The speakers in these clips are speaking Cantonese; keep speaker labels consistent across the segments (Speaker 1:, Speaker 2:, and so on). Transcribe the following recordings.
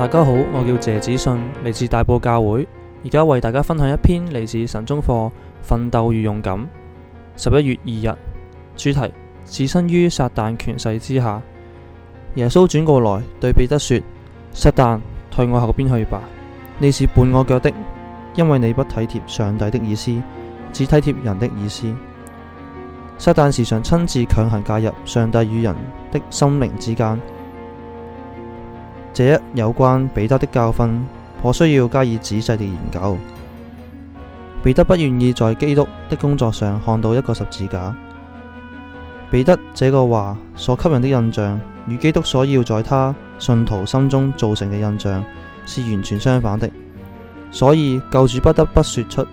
Speaker 1: 大家好，我叫謝子信，嚟自大埔教會，而家為大家分享一篇嚟自神宗課《奮鬥與勇敢》十一月二日主題：置身於撒但權勢之下。耶穌轉過來對彼得說：撒但退我後邊去吧！你是絆我腳的，因為你不體貼上帝的意思，只體貼人的意思。撒但時常親自強行介入上帝與人的心靈之間。這一有關彼得的教訓，頗需要加以仔細的研究。彼得不願意在基督的工作上看到一個十字架。彼得這個話所給人的印象，與基督所要在他信徒心中造成嘅印象，是完全相反的。所以救主不得不說出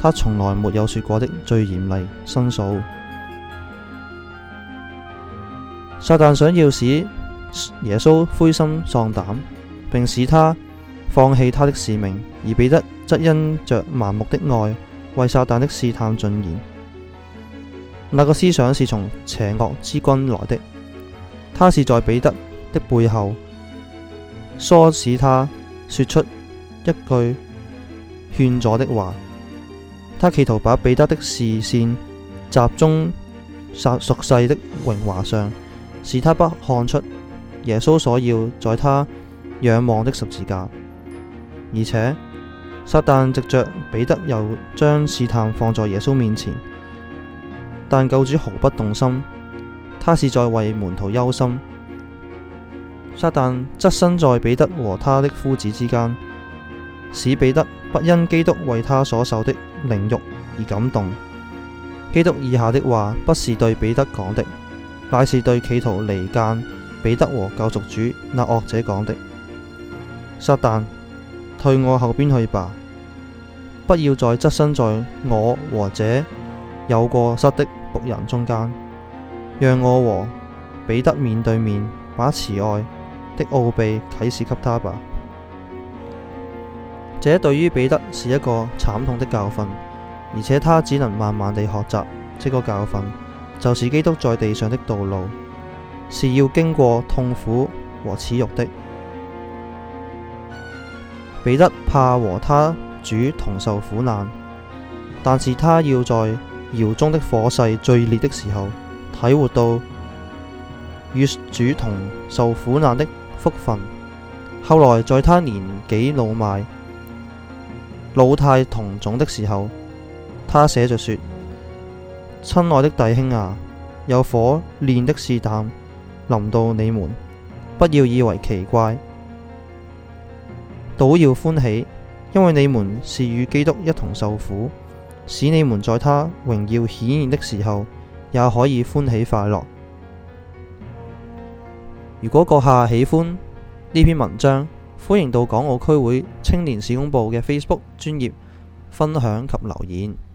Speaker 1: 他從來沒有說過的最嚴厲申訴。撒旦想要使耶穌灰心喪膽，並使他放棄他的使命；而彼得則因着盲目的愛，為撒旦的試探進言。那個思想是從邪惡之君來的，他是在彼得的背後唆使他說出一句勸阻的話。他企圖把彼得的視線集中殺俗世的榮華上，使他不看出。耶穌所要在他仰望的十字架，而且撒但藉着彼得又將試探放在耶穌面前，但救主毫不動心，他是在為門徒憂心。撒但側身在彼得和他的夫子之間，使彼得不因基督為他所受的凌辱而感動。基督以下的話不是對彼得講的，乃是對企圖離間。彼得和救贖主那惡者講的：撒但，退我後邊去吧，不要再側身在我和這有過失的僕人中間，讓我和彼得面對面，把慈愛的奧秘啟示給他吧。這對於彼得是一個慘痛的教訓，而且他只能慢慢地學習這個教訓，就是基督在地上的道路。是要經過痛苦和恥辱的。彼得怕和他主同受苦難，但是他要在窯中的火勢最烈的時候，體會到與主同受苦難的福分。後來在他年紀老邁、老態同種的時候，他寫着說：親愛的弟兄啊，有火煉的是淡臨到你們，不要以為奇怪，倒要歡喜，因為你們是與基督一同受苦，使你們在他榮耀顯現的時候，也可以歡喜快樂。如果閣下喜歡呢篇文章，歡迎到港澳區會青年事工部嘅 Facebook 專頁分享及留言。